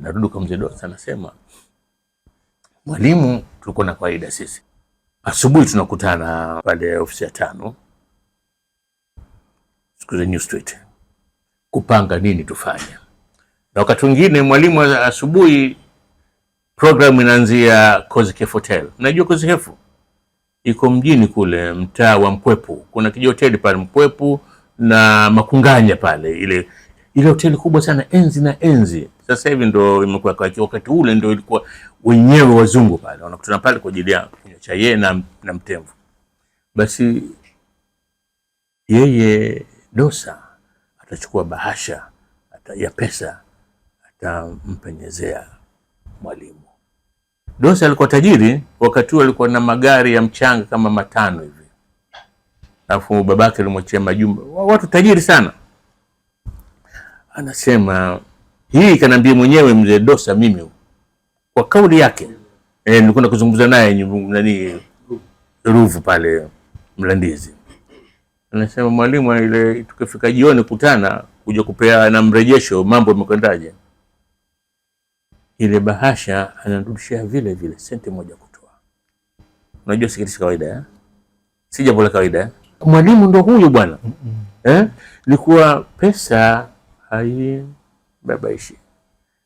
Narudi kwa mzee Dotsa, anasema mwalimu, tulikuwa na kawaida sisi asubuhi tunakutana pale ofisi ya tano siku za New Street kupanga nini tufanye, na wakati mwingine mwalimu asubuhi programu inaanzia Kozikef Hotel. Mnajua Kozikef iko mjini kule mtaa wa Mpwepu, kuna kijihoteli pale Mpwepu na Makunganya pale, ile ile hoteli kubwa sana enzi na enzi sasa hivi ndo imekuwa kwa wakati ule ndo ilikuwa wenyewe wazungu pale wanakutana pale kwa ajili ya kunywa chai yeye na, na Mtemvu. Basi yeye Dosa atachukua bahasha ata, ya pesa atampenyezea Mwalimu. Dosa alikuwa tajiri wakati huo, alikuwa na magari ya mchanga kama matano hivi, alafu babake alimwachia majumba, watu tajiri sana, anasema hii kanambia mwenyewe mzee Dosa mimi kwa kauli yake. Eh, nilikwenda kuzungumza naye nani Ruvu pale Mlandizi. Anasema mwalimu, ile tukifika jioni kutana kuja kupea na mrejesho mambo yamekwendaje. Ile bahasha anarudishia vile vile senti moja kutoa. Unajua cha kawaida eh? Si jambo la kawaida eh? Mwalimu ndo huyu bwana. Mm -mm. Eh? Likuwa pesa hai babaishi.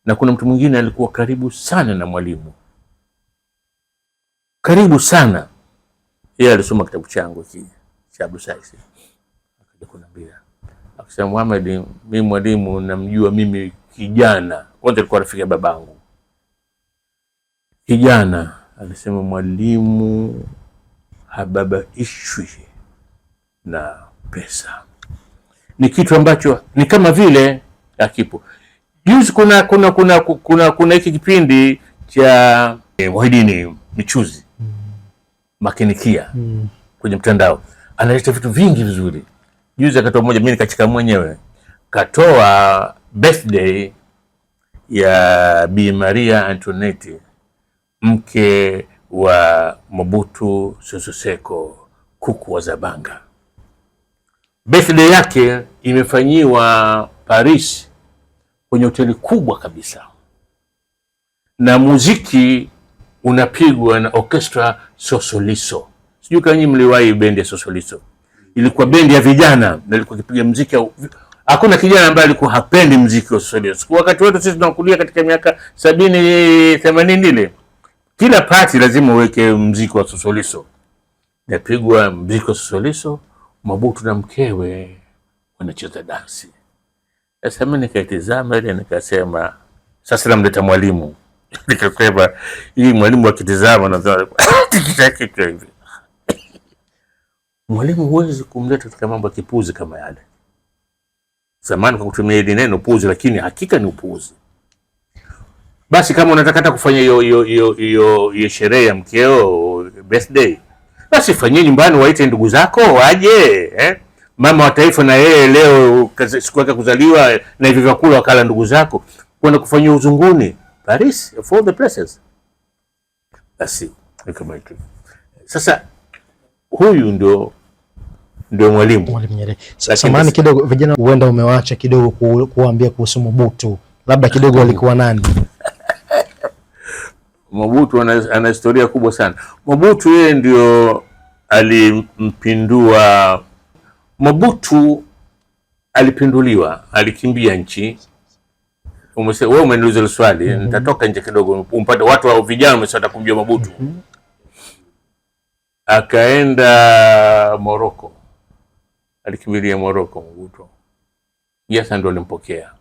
Na kuna mtu mwingine alikuwa karibu sana na Mwalimu, karibu sana yeye. Alisoma kitabu changu hiki cha Abdul Saisi, akaja kuniambia akisema, Muhammad, mimi Mwalimu namjua mimi kijana. Kwanza alikuwa rafiki ya babangu kijana, alisema Mwalimu hababaishwi na pesa, ni kitu ambacho ni kama vile akipo Juzi kuna kuna kuna kuna kuna hiki kipindi cha eh, Wahidini Michuzi mm. Makinikia mm. kwenye mtandao analeta vitu vingi vizuri. Juzi akatoa moja, mimi nikachika mwenyewe, katoa birthday ya Bi Maria Antoinette mke wa Mobutu Sese Seko kuku wa Zabanga. Birthday yake imefanyiwa Paris kwenye hoteli kubwa kabisa, na muziki unapigwa na orchestra Sosoliso. Sijui kama nyinyi mliwahi bendi ya Sosoliso. Ilikuwa bendi ya vijana na ilikuwa ikipiga muziki au hakuna kijana ambaye alikuwa hapendi muziki wa Sosoliso. Kwa wakati wote sisi tunakulia katika miaka sabini themanini ile, kila pati lazima uweke muziki wa Sosoliso. Napigwa muziki wa Sosoliso, Mabutu na mkewe wanacheza dansi sasa mimi nikaitizama ile nikasema, sasa namleta mwalimu nikasema, hii mwalimu akitizama na hivi mwalimu huwezi kumleta katika mambo ya kipuzi kama yale. Zamani kwa kutumia hili neno upuzi, lakini hakika ni upuzi. Basi kama unataka hata kufanya hiyo hiyo hiyo sherehe ya mkeo birthday, basi fanyie nyumbani, waite ndugu zako waje eh? mama wa taifa na yeye leo siku yake kuzaliwa na hivyo vyakula wakala ndugu zako, kwenda kufanyia uzunguni Paris, of all the places. Basi sasa huyu ndio ndio mwalimu Mwalimu Nyerere. Samahani kidogo, vijana, huenda umewacha kidogo kuambia kuhusu Mobutu, labda kidogo ah, alikuwa nani? Mobutu ana, ana historia kubwa sana. Mobutu yeye ndio alimpindua Mobutu alipinduliwa, alikimbia nchi. Wewe umeniuliza hilo swali mm -hmm. Nitatoka nje kidogo umpate watu wa vijana wamesota kumjua Mobutu mm -hmm. Akaenda Moroko, alikimbilia Moroko Mobutu. Jasa ndo alimpokea.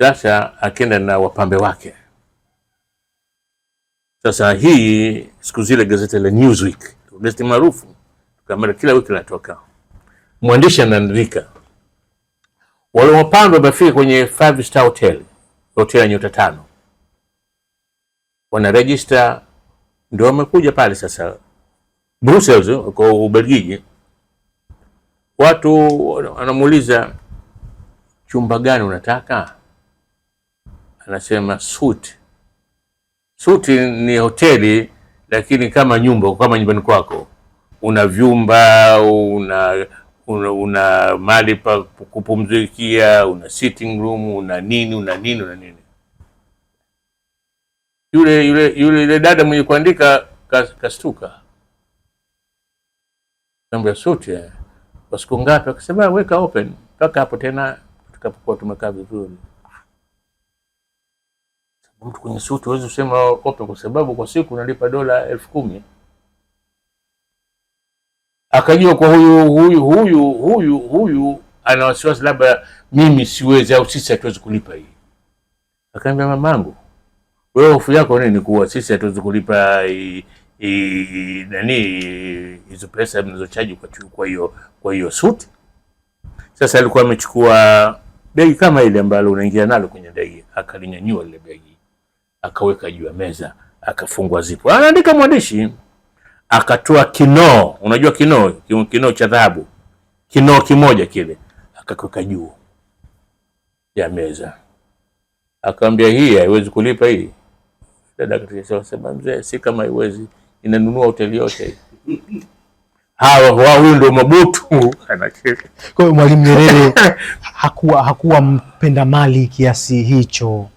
Sasa akenda na wapambe wake. Sasa hii siku zile gazeti la Newsweek, gazeti maarufu la kila wiki natoka. mwandishi anaandika waliopandwa wamefika kwenye five star hotel, hotel ya nyota tano, wanarejista ndio wamekuja pale sasa Brussels kwa Ubelgiji. Watu anamuuliza chumba gani unataka, anasema suite. Suite ni hoteli lakini kama nyumba, kama nyumbani kwako una vyumba una una, una mali pa kupumzikia, una sitting room, una nini una nini una nini. Yule yule yule yule dada mwenye kuandika kastuka, mambo ya suti eh. kwa siku ngapi? Akasema weka open mpaka hapo tena tukapokuwa tumekaa vizuri. Mtu kwenye suti huwezi kusema open, kwa sababu kwa siku unalipa dola elfu kumi akajua kwa huyu huyu huyu huyu huyu ana wasiwasi, labda mimi siwezi au sisi hatuwezi kulipa hii. Akaambia mamangu, wewe hofu yako nini? Kuwa sisi hatuwezi kulipa i, i, nani hizo pesa mnazochaji kwa kwa hiyo kwa hiyo suti. Sasa alikuwa amechukua begi kama ile ambalo unaingia nalo kwenye ndege, akalinyanyua lile begi akaweka juu ya meza, akafungwa zipo, anaandika mwandishi akatoa kinoo, unajua kinoo, kinoo cha dhahabu, kinoo kimoja kile akakweka juu ya meza, akamwambia hii haiwezi kulipa hii. Dada akasema mzee, si kama haiwezi, inanunua hoteli yote hawa. Huyu ndio Mabutu. Kwa hiyo Mwalimu Nyerere hakuwa hakuwa mpenda mali kiasi hicho.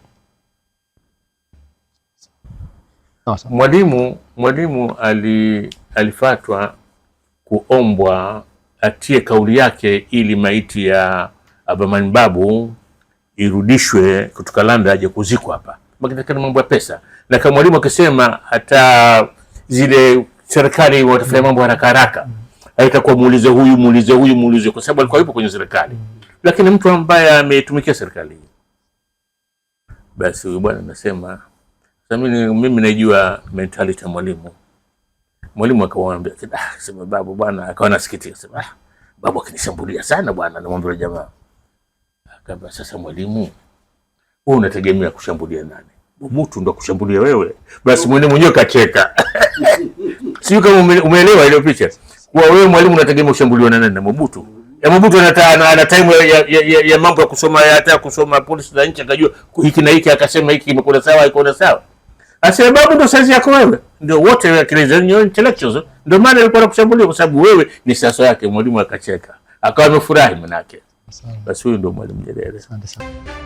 Mwalimu mwalimu ali, alifatwa kuombwa atie kauli yake ili maiti ya Abamani Babu irudishwe kutoka Landa aje kuzikwa hapa, makitakana mambo ya pesa, na kama mwalimu akisema hata zile serikali watafanya mambo haraka haraka, haitakuwa muulize huyu muulize huyu muulize, kwa sababu alikuwa yupo kwenye serikali, lakini mtu ambaye ametumikia serikali, basi huyu bwana anasema mimi najua mentality ya mwalimu. Mwalimu akamwambia ah, sema babu bwana, akawa nasikitika, sema ah, babu akinishambulia sana bwana, namwambia jamaa. Akaambia sasa, mwalimu, wewe unategemea kushambulia nani? Mtu ndo kushambulia wewe? Basi mwene mwenyewe kacheka. Sio kama umeelewa ile picha kwa wewe mwalimu unategemea kushambuliwa na nani? Na Mobutu. Ya Mobutu ana ana time ya, ya, ya, ya mambo ya kusoma ya hata kusoma polisi za nchi akajua hiki na hiki akasema hiki imekwenda sawa iko sawa. Asiye babu ndo saizi yako wewe. Ndio wote wa Kiingereza ni intellectuals. Ndio maana alikuwa anakushambulia kwa sababu wewe ni saso yake mwalimu akacheka. Akawa amefurahi manake. Basi huyu ndo Mwalimu Nyerere. Asante sana.